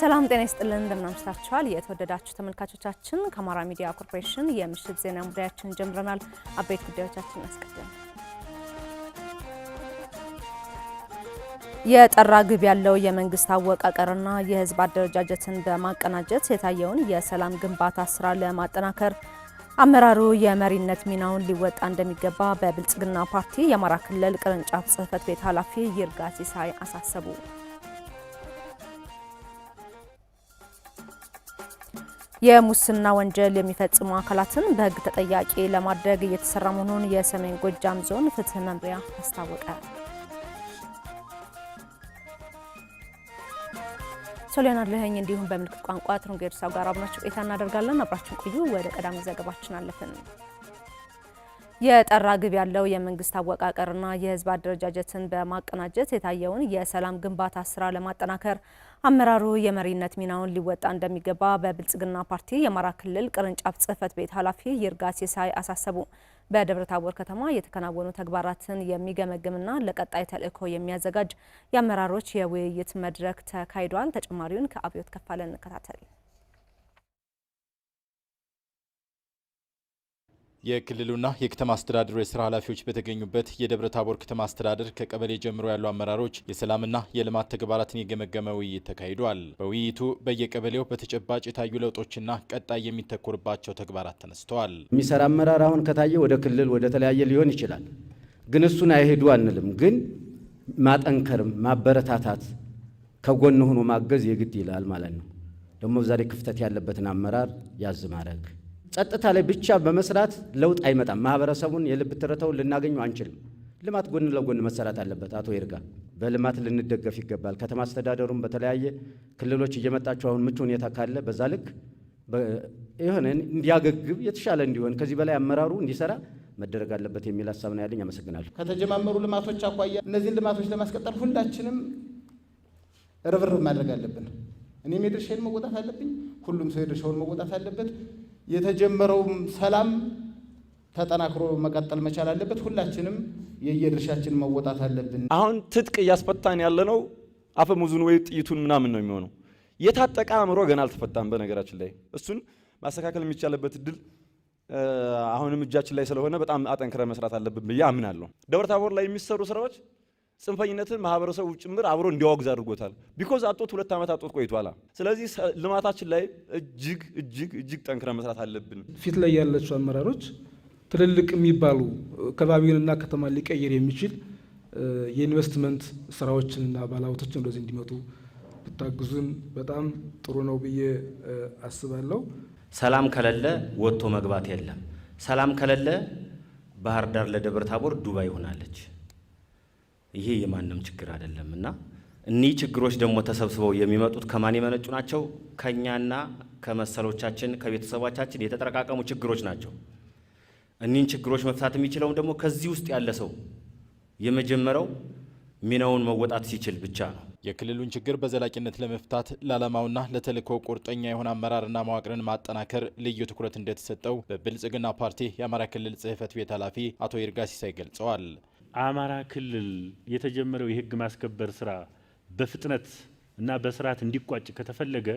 ሰላም ጤና ይስጥልን፣ እንደምን የተወደዳችሁ ተመልካቾቻችን ከአማራ ሚዲያ ኮርፖሬሽን የምሽት ዜና ሙዳያችን ጀምረናል። አበይት ጉዳዮቻችን አስቀድም የጠራ ግብ ያለው የመንግስት አወቃቀርና የህዝብ አደረጃጀትን በማቀናጀት የታየውን የሰላም ግንባታ ስራ ለማጠናከር አመራሩ የመሪነት ሚናውን ሊወጣ እንደሚገባ በብልጽግና ፓርቲ የአማራ ክልል ቅርንጫፍ ጽህፈት ቤት ኃላፊ ይርጋ ሲሳይ አሳሰቡ። የሙስና ወንጀል የሚፈጽሙ አካላትን በህግ ተጠያቂ ለማድረግ እየተሰራ መሆኑን የሰሜን ጎጃም ዞን ፍትህ መምሪያ አስታወቀ። ሶሊያና ለህኝ እንዲሁም በምልክት ቋንቋ ትሩንጌርሳው ጋር አብናቸው ቆይታ እናደርጋለን። አብራችን ቆዩ። ወደ ቀዳሚ ዘገባችን አለፍን። የጠራ ግብ ያለው የመንግስት አወቃቀርና የህዝብ አደረጃጀትን በማቀናጀት የታየውን የሰላም ግንባታ ስራ ለማጠናከር አመራሩ የመሪነት ሚናውን ሊወጣ እንደሚገባ በብልጽግና ፓርቲ የአማራ ክልል ቅርንጫፍ ጽህፈት ቤት ኃላፊ ይርጋ ሲሳይ አሳሰቡ። በደብረ ታቦር ከተማ የተከናወኑ ተግባራትን የሚገመግምና ለቀጣይ ተልዕኮ የሚያዘጋጅ የአመራሮች የውይይት መድረክ ተካሂዷል። ተጨማሪውን ከአብዮት ከፋለ እንከታተል። የክልሉና የከተማ አስተዳደሩ የስራ ኃላፊዎች በተገኙበት የደብረ ታቦር ከተማ አስተዳደር ከቀበሌ ጀምሮ ያሉ አመራሮች የሰላምና የልማት ተግባራትን የገመገመ ውይይት ተካሂዷል። በውይይቱ በየቀበሌው በተጨባጭ የታዩ ለውጦችና ቀጣይ የሚተኮርባቸው ተግባራት ተነስተዋል። የሚሰራ አመራር አሁን ከታየ ወደ ክልል ወደ ተለያየ ሊሆን ይችላል። ግን እሱን አይሄዱ አንልም። ግን ማጠንከርም ማበረታታት ከጎን ሆኖ ማገዝ የግድ ይላል ማለት ነው። ደግሞ ዛሬ ክፍተት ያለበትን አመራር ያዝ ማድረግ ጸጥታ ላይ ብቻ በመስራት ለውጥ አይመጣም። ማህበረሰቡን የልብ ትርታውን ልናገኘው አንችልም። ልማት ጎን ለጎን መሰራት አለበት። አቶ ይርጋ በልማት ልንደገፍ ይገባል። ከተማ አስተዳደሩም በተለያየ ክልሎች እየመጣቸው አሁን ምቹ ሁኔታ ካለ በዛ ልክ የሆነ እንዲያገግብ የተሻለ እንዲሆን ከዚህ በላይ አመራሩ እንዲሰራ መደረግ አለበት የሚል ሀሳብ ነው ያለኝ። አመሰግናለሁ። ከተጀማመሩ ልማቶች አኳያ እነዚህን ልማቶች ለማስቀጠል ሁላችንም ርብርብ ማድረግ አለብን። እኔም የድርሻዬን መወጣት አለብኝ። ሁሉም ሰው የድርሻውን መወጣት አለበት። የተጀመረውም ሰላም ተጠናክሮ መቀጠል መቻል አለበት። ሁላችንም የየድርሻችን መወጣት አለብን። አሁን ትጥቅ እያስፈታን ያለነው አፈሙዙን ወይ ጥይቱን ምናምን ነው የሚሆነው። የታጠቀ አእምሮ ገና አልተፈታም። በነገራችን ላይ እሱን ማስተካከል የሚቻልበት እድል አሁንም እጃችን ላይ ስለሆነ በጣም አጠንክረ መስራት አለብን ብዬ አምናለሁ። ደብረ ታቦር ላይ የሚሰሩ ስራዎች ጽንፈኝነትን ማህበረሰቡ ጭምር አብሮ እንዲያወግዝ አድርጎታል። ቢኮዝ አጦት ሁለት ዓመት አጦት ቆይቷላ። ስለዚህ ልማታችን ላይ እጅግ እጅግ እጅግ ጠንክረ መስራት አለብን። ፊት ላይ ያለችው አመራሮች ትልልቅ የሚባሉ ከባቢውንና ከተማ ሊቀይር የሚችል የኢንቨስትመንት ስራዎችንና ባለሀብቶችን ወደዚህ እንዲመጡ ብታግዙን በጣም ጥሩ ነው ብዬ አስባለሁ። ሰላም ከሌለ ወጥቶ መግባት የለም። ሰላም ከሌለ ባህር ዳር ለደብረ ታቦር ዱባይ ይሆናለች። ይሄ የማንም ችግር አይደለም እና እኒህ ችግሮች ደግሞ ተሰብስበው የሚመጡት ከማን የመነጩ ናቸው? ከእኛና ከመሰሎቻችን ከቤተሰቦቻችን የተጠረቃቀሙ ችግሮች ናቸው። እኒህን ችግሮች መፍታት የሚችለውም ደግሞ ከዚህ ውስጥ ያለ ሰው የመጀመረው ሚናውን መወጣት ሲችል ብቻ ነው። የክልሉን ችግር በዘላቂነት ለመፍታት ለዓላማውና ለተልእኮው ቁርጠኛ የሆነ አመራርና መዋቅርን ማጠናከር ልዩ ትኩረት እንደተሰጠው በብልጽግና ፓርቲ የአማራ ክልል ጽህፈት ቤት ኃላፊ አቶ ይርጋ ሲሳይ ገልጸዋል። አማራ ክልል የተጀመረው የህግ ማስከበር ስራ በፍጥነት እና በስርዓት እንዲቋጭ ከተፈለገ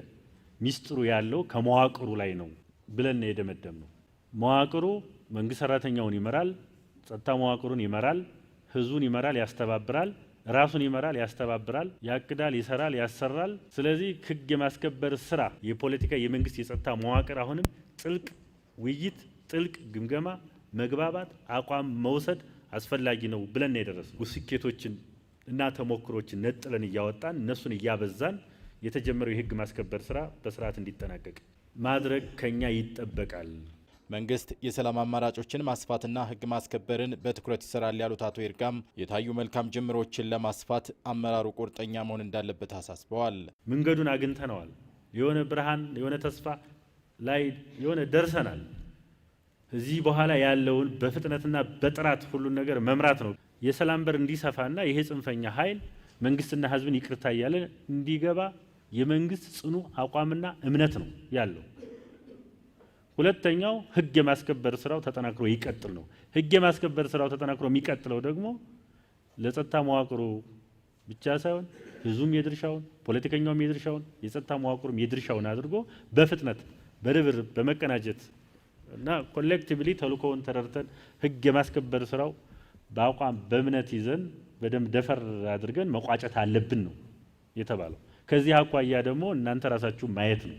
ሚስጥሩ ያለው ከመዋቅሩ ላይ ነው ብለን የደመደም ነው። መዋቅሩ መንግስት ሰራተኛውን ይመራል፣ ጸጥታ መዋቅሩን ይመራል፣ ህዝቡን ይመራል፣ ያስተባብራል፣ ራሱን ይመራል፣ ያስተባብራል፣ ያቅዳል፣ ይሰራል፣ ያሰራል። ስለዚህ ህግ የማስከበር ስራ የፖለቲካ የመንግስት የጸጥታ መዋቅር አሁንም ጥልቅ ውይይት፣ ጥልቅ ግምገማ፣ መግባባት፣ አቋም መውሰድ አስፈላጊ ነው ብለን የደረስነው ስኬቶችን እና ተሞክሮችን ነጥለን እያወጣን እነሱን እያበዛን የተጀመረው የህግ ማስከበር ስራ በስርዓት እንዲጠናቀቅ ማድረግ ከኛ ይጠበቃል። መንግስት የሰላም አማራጮችን ማስፋትና ህግ ማስከበርን በትኩረት ይሰራል ያሉት አቶ ይርጋም የታዩ መልካም ጅምሮችን ለማስፋት አመራሩ ቁርጠኛ መሆን እንዳለበት አሳስበዋል። መንገዱን አግኝተነዋል። የሆነ ብርሃን የሆነ ተስፋ ላይ የሆነ ደርሰናል። እዚህ በኋላ ያለውን በፍጥነትና በጥራት ሁሉን ነገር መምራት ነው። የሰላም በር እንዲሰፋና ይሄ ጽንፈኛ ኃይል መንግስትና ህዝብን ይቅርታ እያለ እንዲገባ የመንግስት ጽኑ አቋምና እምነት ነው ያለው። ሁለተኛው ህግ የማስከበር ስራው ተጠናክሮ ይቀጥል ነው። ህግ የማስከበር ስራው ተጠናክሮ የሚቀጥለው ደግሞ ለጸጥታ መዋቅሩ ብቻ ሳይሆን ህዝቡም የድርሻውን፣ ፖለቲከኛውም የድርሻውን፣ የጸጥታ መዋቅሩም የድርሻውን አድርጎ በፍጥነት በርብርብ በመቀናጀት እና ኮሌክቲቭሊ ተልእኮውን ተረድተን ህግ የማስከበር ስራው በአቋም በእምነት ይዘን በደንብ ደፈር አድርገን መቋጨት አለብን ነው የተባለው። ከዚህ አኳያ ደግሞ እናንተ ራሳችሁ ማየት ነው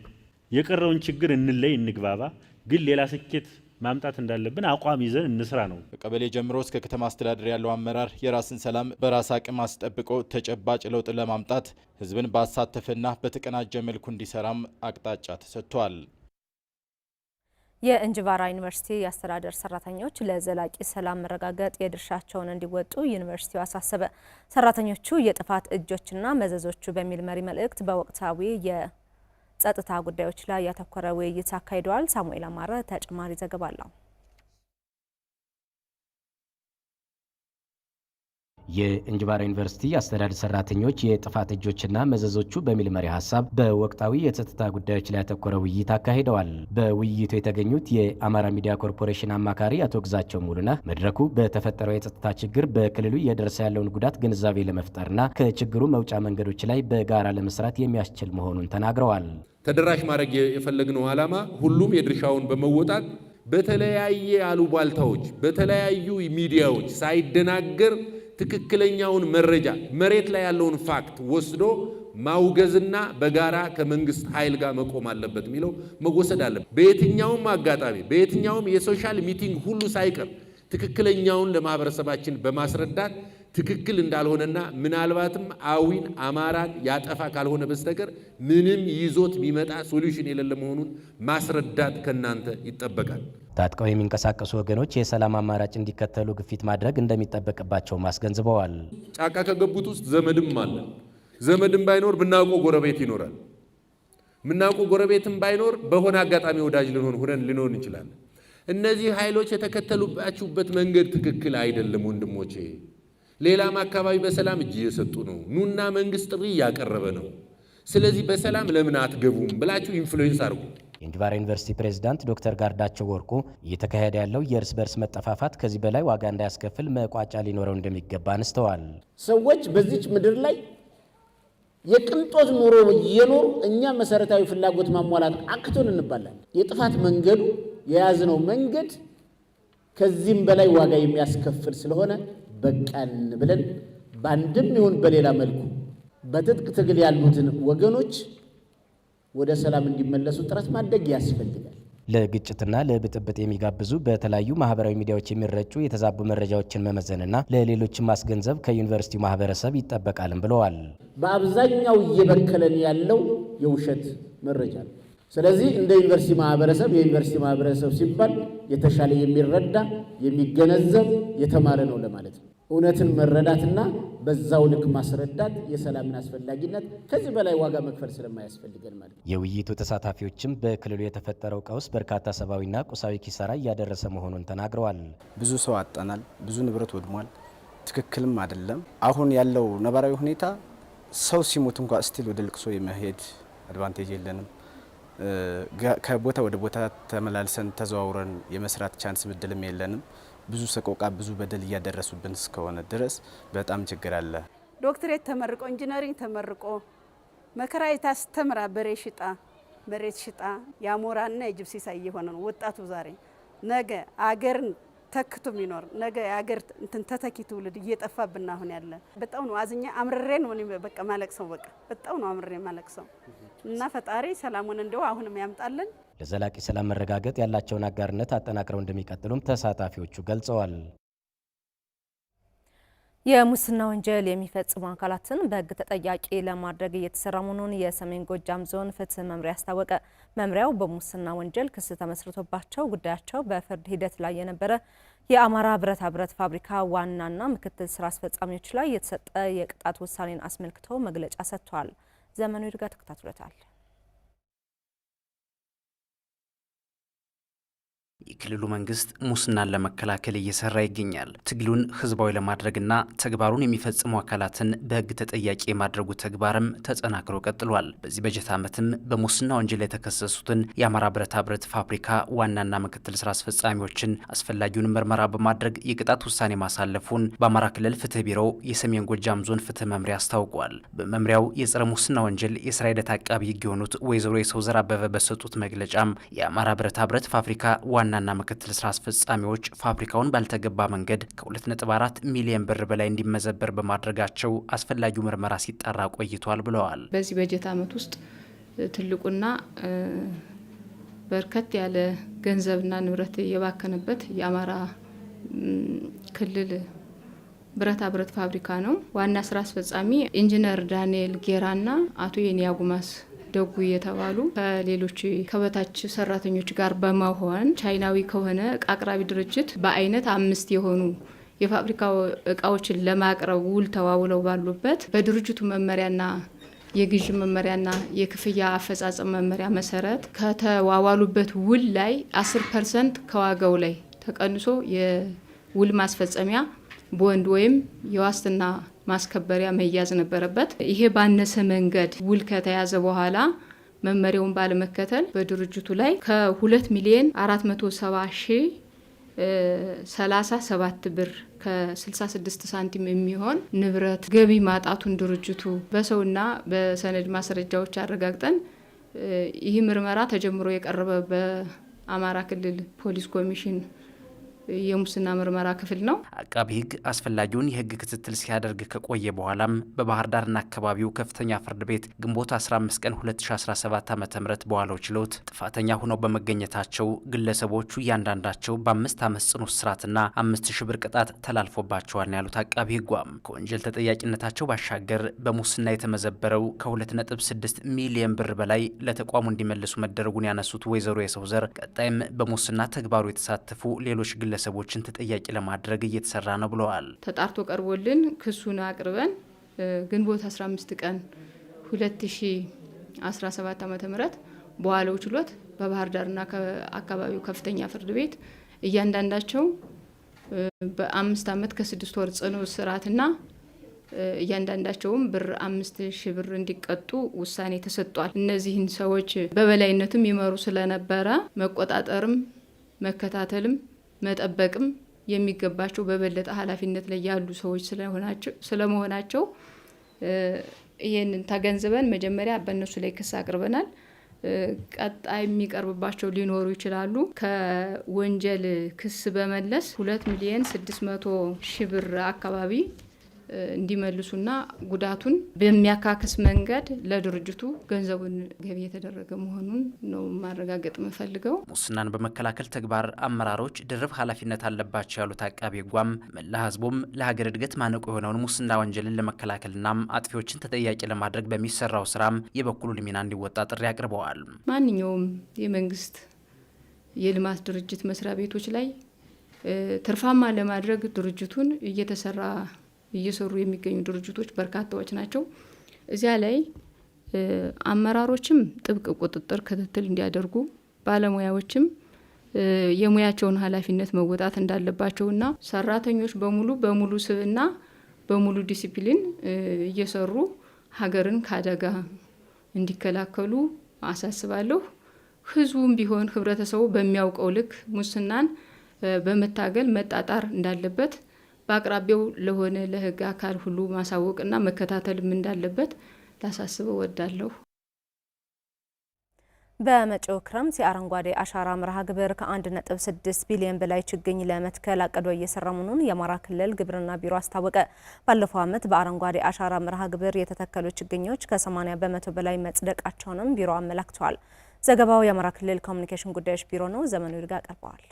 የቀረውን ችግር እንለይ፣ እንግባባ፣ ግን ሌላ ስኬት ማምጣት እንዳለብን አቋም ይዘን እንስራ ነው። ከቀበሌ ጀምሮ እስከ ከተማ አስተዳደር ያለው አመራር የራስን ሰላም በራስ አቅም አስጠብቆ ተጨባጭ ለውጥ ለማምጣት ህዝብን ባሳተፈና በተቀናጀ መልኩ እንዲሰራም አቅጣጫ ተሰጥቷል። የእንጅባራ ዩኒቨርሲቲ የአስተዳደር ሰራተኞች ለዘላቂ ሰላም መረጋገጥ የድርሻቸውን እንዲወጡ ዩኒቨርሲቲው አሳሰበ። ሰራተኞቹ የጥፋት እጆችና መዘዞቹ በሚል መሪ መልእክት በወቅታዊ የጸጥታ ጉዳዮች ላይ ያተኮረ ውይይት አካሂደዋል። ሳሙኤል አማረ ተጨማሪ ዘገባ አለው። የእንጅባራ ዩኒቨርሲቲ አስተዳደር ሰራተኞች የጥፋት እጆችና መዘዞቹ በሚል መሪ ሀሳብ በወቅታዊ የጸጥታ ጉዳዮች ላይ ያተኮረ ውይይት አካሂደዋል። በውይይቱ የተገኙት የአማራ ሚዲያ ኮርፖሬሽን አማካሪ አቶ ግዛቸው ሙሉና መድረኩ በተፈጠረው የጸጥታ ችግር በክልሉ እየደረሰ ያለውን ጉዳት ግንዛቤ ለመፍጠርና ከችግሩ መውጫ መንገዶች ላይ በጋራ ለመስራት የሚያስችል መሆኑን ተናግረዋል። ተደራሽ ማድረግ የፈለግነው ዓላማ ሁሉም የድርሻውን በመወጣት በተለያየ አሉባልታዎች በተለያዩ ሚዲያዎች ሳይደናገር ትክክለኛውን መረጃ መሬት ላይ ያለውን ፋክት ወስዶ ማውገዝና በጋራ ከመንግስት ኃይል ጋር መቆም አለበት የሚለው መወሰድ አለበት። በየትኛውም አጋጣሚ በየትኛውም የሶሻል ሚቲንግ ሁሉ ሳይቀር ትክክለኛውን ለማህበረሰባችን በማስረዳት ትክክል እንዳልሆነና ምናልባትም አዊን አማራን ያጠፋ ካልሆነ በስተቀር ምንም ይዞት ቢመጣ ሶሉሽን የሌለ መሆኑን ማስረዳት ከእናንተ ይጠበቃል። ታጥቀው የሚንቀሳቀሱ ወገኖች የሰላም አማራጭ እንዲከተሉ ግፊት ማድረግ እንደሚጠበቅባቸውም አስገንዝበዋል። ጫካ ከገቡት ውስጥ ዘመድም አለ። ዘመድም ባይኖር ብናውቀው ጎረቤት ይኖራል። ምናውቁ ጎረቤትም ባይኖር በሆነ አጋጣሚ ወዳጅ ልንሆን ሆነን ልንሆን እንችላለን። እነዚህ ኃይሎች የተከተሉባችሁበት መንገድ ትክክል አይደለም ወንድሞቼ። ሌላም አካባቢ በሰላም እጅ እየሰጡ ነው። ኑና መንግስት ጥሪ እያቀረበ ነው። ስለዚህ በሰላም ለምን አትገቡም ብላችሁ ኢንፍሉዌንስ አድርጉ። የእንጅባራ ዩኒቨርሲቲ ፕሬዝዳንት ዶክተር ጋርዳቸው ወርቁ እየተካሄደ ያለው የእርስ በርስ መጠፋፋት ከዚህ በላይ ዋጋ እንዳያስከፍል መቋጫ ሊኖረው እንደሚገባ አንስተዋል። ሰዎች በዚች ምድር ላይ የቅንጦት ኑሮ እየኖሩ እኛ መሰረታዊ ፍላጎት ማሟላት አክቶን እንባላለን። የጥፋት መንገዱ የያዝነው መንገድ ከዚህም በላይ ዋጋ የሚያስከፍል ስለሆነ በቃን ብለን በአንድም ይሁን በሌላ መልኩ በትጥቅ ትግል ያሉትን ወገኖች ወደ ሰላም እንዲመለሱ ጥረት ማድረግ ያስፈልጋል። ለግጭትና ለብጥብጥ የሚጋብዙ በተለያዩ ማህበራዊ ሚዲያዎች የሚረጩ የተዛቡ መረጃዎችን መመዘንና ለሌሎችን ማስገንዘብ ከዩኒቨርሲቲው ማህበረሰብ ይጠበቃልም ብለዋል። በአብዛኛው እየበከለን ያለው የውሸት መረጃ ነው። ስለዚህ እንደ ዩኒቨርሲቲ ማህበረሰብ የዩኒቨርሲቲ ማህበረሰብ ሲባል የተሻለ የሚረዳ የሚገነዘብ የተማረ ነው ለማለት ነው። እውነትን መረዳትና በዛው ልክ ማስረዳት የሰላምን አስፈላጊነት ከዚህ በላይ ዋጋ መክፈል ስለማያስፈልገን ማለት ነው። የውይይቱ ተሳታፊዎችም በክልሉ የተፈጠረው ቀውስ በርካታ ሰብአዊና ቁሳዊ ኪሳራ እያደረሰ መሆኑን ተናግረዋል። ብዙ ሰው አጣናል፣ ብዙ ንብረት ወድሟል። ትክክልም አይደለም። አሁን ያለው ነባራዊ ሁኔታ ሰው ሲሞት እንኳ ስቲል ወደ ልቅሶ የመሄድ አድቫንቴጅ የለንም። ከቦታ ወደ ቦታ ተመላልሰን ተዘዋውረን የመስራት ቻንስ ምድልም የለንም። ብዙ ሰቆቃ፣ ብዙ በደል እያደረሱብን እስከሆነ ድረስ በጣም ችግር አለ። ዶክትሬት ተመርቆ ኢንጂነሪንግ ተመርቆ መከራ የታስተምራ በሬ ሽጣ መሬት ሽጣ የአሞራና የጅብ ሲሳይ እየሆነ ነው ወጣቱ ዛሬ። ነገ አገርን ተክቶ የሚኖር ነገ የአገር እንትን ተተኪ ትውልድ እየጠፋብን አሁን ያለ በጣም ነው አዝኛ አምርሬ ነው በቃ ማለቅ ሰው በቃ በጣም ነው አምርሬ ማለቅ ሰው እና ፈጣሪ ሰላሙን እንደው አሁንም ያምጣልን። ለዘላቂ ሰላም መረጋገጥ ያላቸውን አጋርነት አጠናክረው እንደሚቀጥሉም ተሳታፊዎቹ ገልጸዋል። የሙስና ወንጀል የሚፈጽሙ አካላትን በሕግ ተጠያቂ ለማድረግ እየተሰራ መሆኑን የሰሜን ጎጃም ዞን ፍትህ መምሪያ አስታወቀ። መምሪያው በሙስና ወንጀል ክስ ተመስርቶባቸው ጉዳያቸው በፍርድ ሂደት ላይ የነበረ የአማራ ብረታ ብረት ፋብሪካ ዋናና ምክትል ስራ አስፈጻሚዎች ላይ የተሰጠ የቅጣት ውሳኔን አስመልክቶ መግለጫ ሰጥቷል። ዘመኑ ይርጋ ተከታትሎታል። የክልሉ መንግስት ሙስናን ለመከላከል እየሰራ ይገኛል። ትግሉን ህዝባዊ ለማድረግና ተግባሩን የሚፈጽሙ አካላትን በህግ ተጠያቂ የማድረጉ ተግባርም ተጠናክሮ ቀጥሏል። በዚህ በጀት ዓመትም በሙስና ወንጀል የተከሰሱትን የአማራ ብረታ ብረት ፋብሪካ ዋናና ምክትል ስራ አስፈጻሚዎችን አስፈላጊውን ምርመራ በማድረግ የቅጣት ውሳኔ ማሳለፉን በአማራ ክልል ፍትህ ቢሮ የሰሜን ጎጃም ዞን ፍትህ መምሪያ አስታውቋል። በመምሪያው የጸረ ሙስና ወንጀል የስራ ሂደት አቃቢ ህግ የሆኑት ወይዘሮ የሰው ዘር አበበ በሰጡት መግለጫም የአማራ ብረታ ብረት ፋብሪካ ዋና ዋናና ምክትል ስራ አስፈጻሚዎች ፋብሪካውን ባልተገባ መንገድ ከ2.4 ሚሊዮን ብር በላይ እንዲመዘበር በማድረጋቸው አስፈላጊው ምርመራ ሲጠራ ቆይቷል ብለዋል። በዚህ በጀት ዓመት ውስጥ ትልቁና በርከት ያለ ገንዘብና ንብረት የባከነበት የአማራ ክልል ብረታ ብረት ፋብሪካ ነው። ዋና ስራ አስፈጻሚ ኢንጂነር ዳንኤል ጌራና አቶ የኒያ ጉማስ ደጉ የተባሉ ከሌሎች ከበታች ሰራተኞች ጋር በመሆን ቻይናዊ ከሆነ እቃ አቅራቢ ድርጅት በአይነት አምስት የሆኑ የፋብሪካ እቃዎችን ለማቅረብ ውል ተዋውለው ባሉበት በድርጅቱ መመሪያና የግዥ መመሪያና የክፍያ አፈጻጸም መመሪያ መሰረት ከተዋዋሉበት ውል ላይ አስር ፐርሰንት ከዋጋው ላይ ተቀንሶ የውል ማስፈጸሚያ ቦንድ ወይም የዋስትና ማስከበሪያ መያዝ ነበረበት። ይሄ ባነሰ መንገድ ውል ከተያዘ በኋላ መመሪያውን ባለመከተል በድርጅቱ ላይ ከ2 ሚሊዮን አራት ሺ ብር ከ66 ሳንቲም የሚሆን ንብረት ገቢ ማጣቱን ድርጅቱ በሰውና በሰነድ ማስረጃዎች አረጋግጠን ይህ ምርመራ ተጀምሮ የቀረበ በአማራ ክልል ፖሊስ ኮሚሽን የሙስና ምርመራ ክፍል ነው። አቃቢ ህግ አስፈላጊውን የህግ ክትትል ሲያደርግ ከቆየ በኋላም በባህር ዳርና አካባቢው ከፍተኛ ፍርድ ቤት ግንቦት 15 ቀን 2017 ዓ ም በዋለው ችሎት ጥፋተኛ ሆነው በመገኘታቸው ግለሰቦቹ እያንዳንዳቸው በአምስት ዓመት ጽኑ እስራትና አምስት ሺህ ብር ቅጣት ተላልፎባቸዋል ነው ያሉት አቃቢ ህጓም ከወንጀል ተጠያቂነታቸው ባሻገር በሙስና የተመዘበረው ከ2.6 ሚሊየን ብር በላይ ለተቋሙ እንዲመልሱ መደረጉን ያነሱት ወይዘሮ የሰው ዘር ቀጣይም በሙስና ተግባሩ የተሳተፉ ሌሎች ግለ ግለሰቦችን ተጠያቂ ለማድረግ እየተሰራ ነው ብለዋል። ተጣርቶ ቀርቦልን ክሱን አቅርበን ግንቦት 15 ቀን 2017 ዓ ም በዋለው ችሎት በባህር ዳርና አካባቢው ከፍተኛ ፍርድ ቤት እያንዳንዳቸው በአምስት ዓመት ከስድስት ወር ጽኑ እስራትና እያንዳንዳቸውም ብር አምስት ሺ ብር እንዲቀጡ ውሳኔ ተሰጥቷል። እነዚህን ሰዎች በበላይነትም ይመሩ ስለነበረ መቆጣጠርም መከታተልም መጠበቅም የሚገባቸው በበለጠ ኃላፊነት ላይ ያሉ ሰዎች ስለመሆናቸው ይህንን ተገንዝበን መጀመሪያ በእነሱ ላይ ክስ አቅርበናል። ቀጣይ የሚቀርብባቸው ሊኖሩ ይችላሉ። ከወንጀል ክስ በመለስ ሁለት ሚሊየን ስድስት መቶ ሺ ብር አካባቢ እንዲመልሱና ጉዳቱን በሚያካክስ መንገድ ለድርጅቱ ገንዘቡን ገቢ የተደረገ መሆኑን ነው ማረጋገጥ የምፈልገው። ሙስናን በመከላከል ተግባር አመራሮች ድርብ ኃላፊነት አለባቸው ያሉት አቃቤ ሕጉም መላ ሕዝቡም ለሀገር እድገት ማነቆ የሆነውን ሙስና ወንጀልን ለመከላከልና አጥፊዎችን ተጠያቂ ለማድረግ በሚሰራው ስራም የበኩሉን ሚና እንዲወጣ ጥሪ አቅርበዋል። ማንኛውም የመንግስት የልማት ድርጅት መስሪያ ቤቶች ላይ ትርፋማ ለማድረግ ድርጅቱን እየተሰራ እየሰሩ የሚገኙ ድርጅቶች በርካታዎች ናቸው። እዚያ ላይ አመራሮችም ጥብቅ ቁጥጥር፣ ክትትል እንዲያደርጉ ባለሙያዎችም የሙያቸውን ኃላፊነት መወጣት እንዳለባቸውና ሰራተኞች በሙሉ በሙሉ ስብና በሙሉ ዲሲፕሊን እየሰሩ ሀገርን ከአደጋ እንዲከላከሉ አሳስባለሁ። ህዝቡም ቢሆን ህብረተሰቡ በሚያውቀው ልክ ሙስናን በመታገል መጣጣር እንዳለበት በአቅራቢያው ለሆነ ለህግ አካል ሁሉ ማሳወቅና መከታተልም እንዳለበት ላሳስበው ወዳለሁ። በመጪው ክረምት የአረንጓዴ አሻራ መርሃ ግብር ከ1.6 ቢሊዮን በላይ ችግኝ ለመትከል አቅዶ እየሰራ መሆኑን የአማራ ክልል ግብርና ቢሮ አስታወቀ። ባለፈው ዓመት በአረንጓዴ አሻራ መርሃ ግብር የተተከሉ ችግኞች ከ80 በመቶ በላይ መጽደቃቸውንም ቢሮ አመላክተዋል። ዘገባው የአማራ ክልል ኮሚኒኬሽን ጉዳዮች ቢሮ ነው። ዘመኑ ይርጋ ቀርበዋል።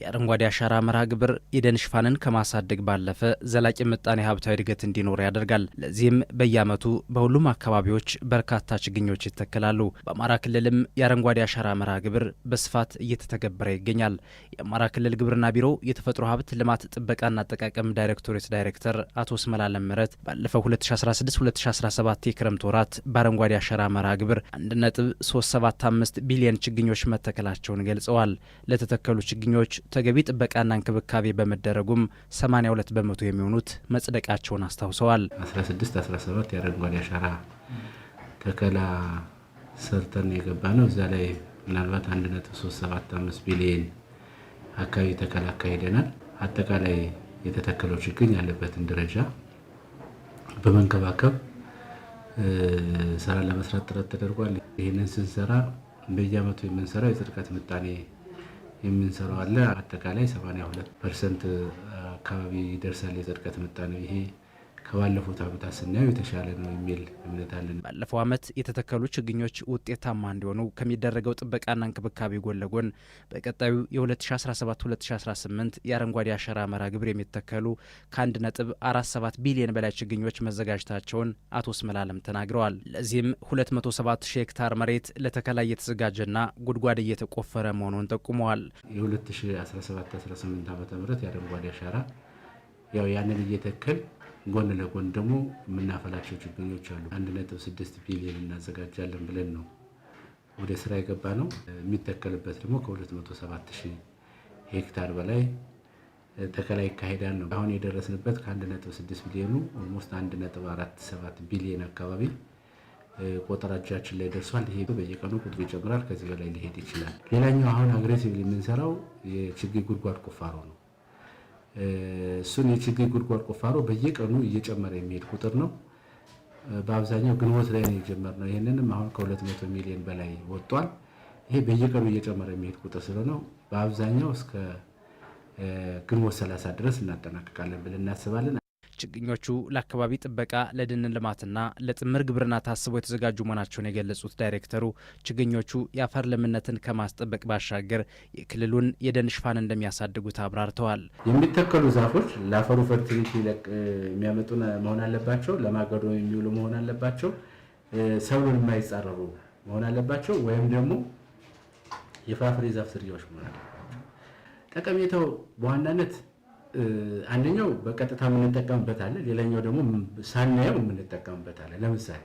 የአረንጓዴ አሻራ መርሃ ግብር የደን ሽፋንን ከማሳደግ ባለፈ ዘላቂ ምጣኔ ሀብታዊ እድገት እንዲኖር ያደርጋል። ለዚህም በየዓመቱ በሁሉም አካባቢዎች በርካታ ችግኞች ይተከላሉ። በአማራ ክልልም የአረንጓዴ አሻራ መርሃ ግብር በስፋት እየተተገበረ ይገኛል። የአማራ ክልል ግብርና ቢሮ የተፈጥሮ ሀብት ልማት ጥበቃና አጠቃቀም ዳይሬክቶሬት ዳይሬክተር አቶ ስመላለም ምረት ባለፈው 2016/2017 የክረምት ወራት በአረንጓዴ አሻራ መርሃ ግብር 1.375 ቢሊዮን ችግኞች መተከላቸውን ገልጸዋል። ለተተከሉ ችግኞች ተገቢ ጥበቃና እንክብካቤ በመደረጉም 82 በመቶ የሚሆኑት መጽደቃቸውን አስታውሰዋል። 16 17 የአረንጓዴ አሻራ ተከላ ሰርተን የገባ ነው። እዛ ላይ ምናልባት 1.375 ቢሊየን አካባቢ ተከላ አካሂደናል። አጠቃላይ የተተከለው ችግኝ ያለበትን ደረጃ በመንከባከብ ስራ ለመስራት ጥረት ተደርጓል። ይህንን ስንሰራ በየአመቱ የምንሰራው የጽድቀት ምጣኔ የምንሰራው አለ። አጠቃላይ 72 ፐርሰንት አካባቢ ይደርሳል የጽድቀት ምጣኔ ይሄ ከባለፉት አመታት ስናየው የተሻለ ነው የሚል እምነት አለን። ባለፈው ዓመት የተተከሉ ችግኞች ውጤታማ እንዲሆኑ ከሚደረገው ጥበቃና እንክብካቤ ጎን ለጎን በቀጣዩ የ2017-2018 የአረንጓዴ አሻራ መርሃ ግብር የሚተከሉ ከ1.47 ቢሊዮን በላይ ችግኞች መዘጋጀታቸውን አቶ ስመላለም ተናግረዋል። ለዚህም 270 ሄክታር መሬት ለተከላ እየተዘጋጀና ጉድጓድ እየተቆፈረ መሆኑን ጠቁመዋል። የ2017-18 ዓ ም የአረንጓዴ አሻራ ያው ያንን እየተከል ጎን ለጎን ደግሞ የምናፈላቸው ችግኞች አሉ። አንድ ነጥብ ስድስት ቢሊዮን እናዘጋጃለን ብለን ነው ወደ ስራ የገባ ነው። የሚተከልበት ደግሞ ከ207 ሄክታር በላይ ተከላ ይካሄዳል ነው። አሁን የደረስንበት ከ1.6 ቢሊዮኑ ኦልሞስት 1.47 ነጥብ ቢሊዮን አካባቢ ቆጠራ እጃችን ላይ ደርሷል። ይሄ በየቀኑ ቁጥሩ ይጨምራል። ከዚህ በላይ ሊሄድ ይችላል። ሌላኛው አሁን አግሬሲቭ የምንሰራው የችግኝ ጉድጓድ ቁፋሮ ነው። እሱን የችግኝ ጉድጓድ ቁፋሮ በየቀኑ እየጨመረ የሚሄድ ቁጥር ነው። በአብዛኛው ግንቦት ላይ ነው የጀመርነው። ይህንንም አሁን ከ200 ሚሊዮን በላይ ወጥቷል። ይሄ በየቀኑ እየጨመረ የሚሄድ ቁጥር ስለሆነው በአብዛኛው እስከ ግንቦት 30 ድረስ እናጠናቅቃለን ብለን እናስባለን። ችግኞቹ ለአካባቢ ጥበቃ፣ ለደን ልማትና ለጥምር ግብርና ታስበው የተዘጋጁ መሆናቸውን የገለጹት ዳይሬክተሩ ችግኞቹ የአፈር ለምነትን ከማስጠበቅ ባሻገር የክልሉን የደን ሽፋን እንደሚያሳድጉት አብራርተዋል። የሚተከሉ ዛፎች ለአፈሩ ፈርቲሊቲ የሚያመጡ መሆን አለባቸው። ለማገዶ የሚውሉ መሆን አለባቸው። ሰብሉን የማይጻረሩ መሆን አለባቸው። ወይም ደግሞ የፍራፍሬ ዛፍ ዝርያዎች መሆን አለባቸው። ጠቀሜታው በዋናነት አንደኛው በቀጥታ የምንጠቀምበት አለ፣ ሌላኛው ደግሞ ሳናየው የምንጠቀምበት አለ። ለምሳሌ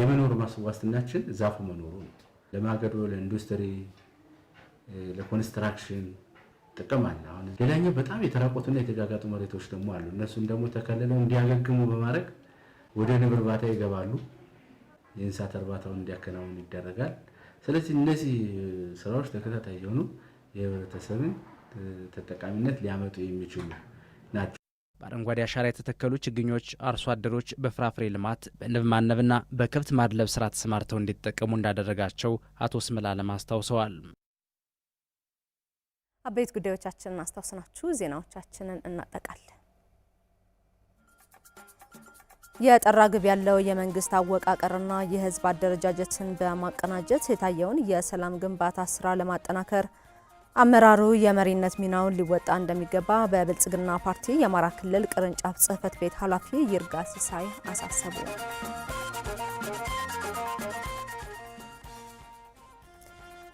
የመኖር ዋስትናችን ዛፉ መኖሩ ነው። ለማገዶ፣ ለኢንዱስትሪ፣ ለኮንስትራክሽን ጥቅም አለ። አሁን ሌላኛው በጣም የተራቆቱና የተጋጋጡ መሬቶች ደግሞ አሉ። እነሱም ደግሞ ተከልለው እንዲያገግሙ በማድረግ ወደ ንብ እርባታ ይገባሉ። የእንስሳት እርባታውን እንዲያከናውን ይደረጋል። ስለዚህ እነዚህ ስራዎች ተከታታይ የሆኑ የህብረተሰብን ተጠቃሚነት ሊያመጡ የሚችሉ በአረንጓዴ አሻራ የተተከሉ ችግኞች አርሶ አደሮች በፍራፍሬ ልማት በንብ ማነብና በከብት ማድለብ ስራ ተሰማርተው እንዲጠቀሙ እንዳደረጋቸው አቶ ስምላለም አስታውሰዋል። አበይት ጉዳዮቻችንን አስታውስናችሁ ዜናዎቻችንን እናጠቃለን። የጠራ ግብ ያለው የመንግስት አወቃቀርና የህዝብ አደረጃጀትን በማቀናጀት የታየውን የሰላም ግንባታ ስራ ለማጠናከር አመራሩ የመሪነት ሚናውን ሊወጣ እንደሚገባ በብልጽግና ፓርቲ የአማራ ክልል ቅርንጫፍ ጽህፈት ቤት ኃላፊ ይርጋ ሲሳይ አሳሰቡ።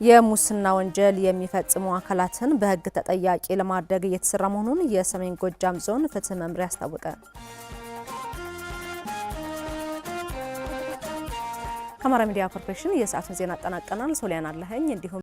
የሙስና ወንጀል የሚፈጽሙ አካላትን በሕግ ተጠያቂ ለማድረግ እየተሰራ መሆኑን የሰሜን ጎጃም ዞን ፍትህ መምሪያ አስታወቀ። ከአማራ ሚዲያ ኮርፖሬሽን የሰዓቱን ዜና አጠናቀናል። ሶሊያን አለኸኝ እንዲሁም